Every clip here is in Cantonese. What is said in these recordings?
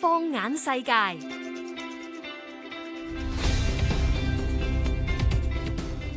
放眼世界。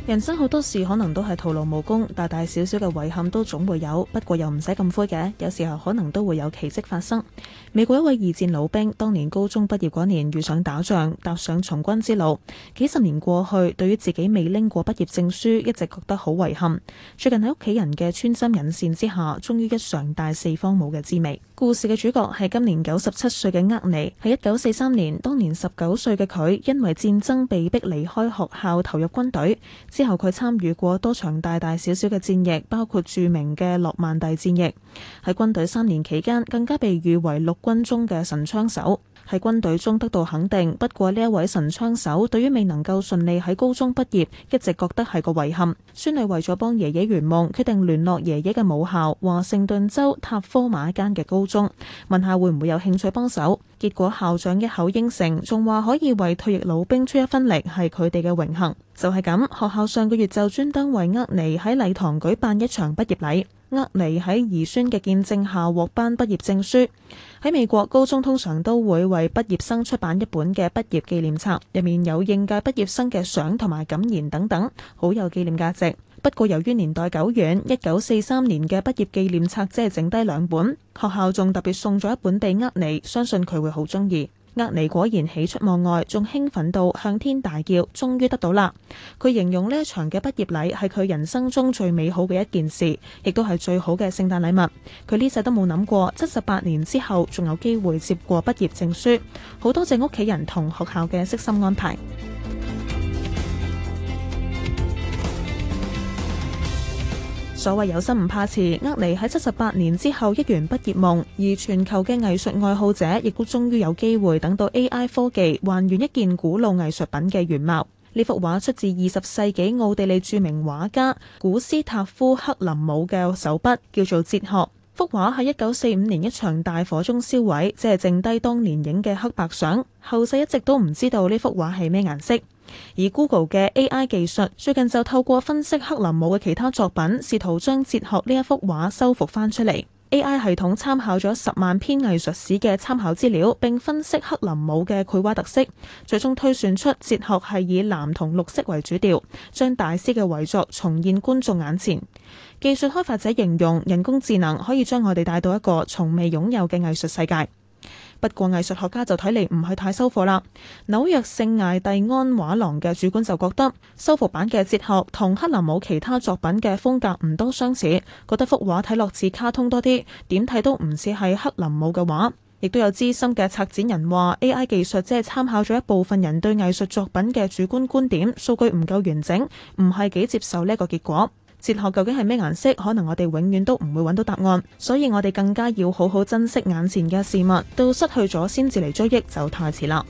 人生好多事可能都係徒勞無功，大大小小嘅遺憾都總會有。不過又唔使咁灰嘅，有時候可能都會有奇蹟發生。美國一位二戰老兵，當年高中畢業嗰年遇上打仗，踏上從軍之路。幾十年過去，對於自己未拎過畢業證書，一直覺得好遺憾。最近喺屋企人嘅穿針引線之下，終於一嘗戴四方帽嘅滋味。故事嘅主角係今年九十七歲嘅厄尼，喺一九四三年，當年十九歲嘅佢因為戰爭被逼離開學校，投入軍隊。之後佢參與過多場大大小小嘅戰役，包括著名嘅諾曼第戰役。喺軍隊三年期間，更加被譽為陸軍中嘅神槍手，喺軍隊中得到肯定。不過呢一位神槍手對於未能夠順利喺高中畢業，一直覺得係個遺憾。孫女為咗幫爺爺圓夢，決定聯絡爺爺嘅母校華盛頓州塔科馬間嘅高中，問下會唔會有興趣幫手。結果校長一口應承，仲話可以為退役老兵出一分力，係佢哋嘅榮幸。就係咁，學校上個月就專登為厄尼喺禮堂舉辦一場畢業禮，厄尼喺兒孫嘅見證下獲頒畢業證書。喺美國高中通常都會為畢業生出版一本嘅畢業紀念冊，入面有應屆畢業生嘅相同埋感言等等，好有紀念價值。不過由於年代久遠，一九四三年嘅畢業紀念冊只係剩低兩本，學校仲特別送咗一本俾厄尼，相信佢會好中意。厄尼果然喜出望外，仲興奮到向天大叫，終於得到啦！佢形容呢一場嘅畢業禮係佢人生中最美好嘅一件事，亦都係最好嘅聖誕禮物。佢呢世都冇諗過七十八年之後仲有機會接過畢業證書，好多謝屋企人同學校嘅悉心安排。所謂有心唔怕遲，呃尼喺七十八年之後一圓畢業夢，而全球嘅藝術愛好者亦都終於有機會等到 AI 科技還原一件古老藝術品嘅原貌。呢幅畫出自二十世紀奧地利著名畫家古斯塔夫克林姆嘅手筆，叫做《哲學》。幅畫喺一九四五年一場大火中燒毀，即係剩低當年影嘅黑白相，後世一直都唔知道呢幅畫係咩顏色。而 Google 嘅 AI 技術最近就透過分析克林姆嘅其他作品，試圖將《哲學》呢一幅畫修復翻出嚟。AI 系統參考咗十萬篇藝術史嘅參考資料，並分析克林姆嘅繪畫特色，最終推算出《哲學》係以藍同綠色為主調，將大師嘅遺作重現觀眾眼前。技術開發者形容人工智能可以將我哋帶到一個從未擁有嘅藝術世界。不過，藝術學家就睇嚟唔係太收貨啦。紐約聖艾蒂安畫廊嘅主管就覺得，修復版嘅哲學同克林姆其他作品嘅風格唔多相似，覺得幅畫睇落似卡通多啲，點睇都唔似係克林姆嘅畫。亦都有資深嘅策展人話：AI 技術只係參考咗一部分人對藝術作品嘅主觀觀點，數據唔夠完整，唔係幾接受呢一個結果。哲學究竟係咩顏色？可能我哋永遠都唔會揾到答案，所以我哋更加要好好珍惜眼前嘅事物，到失去咗先至嚟追憶，就太遲啦。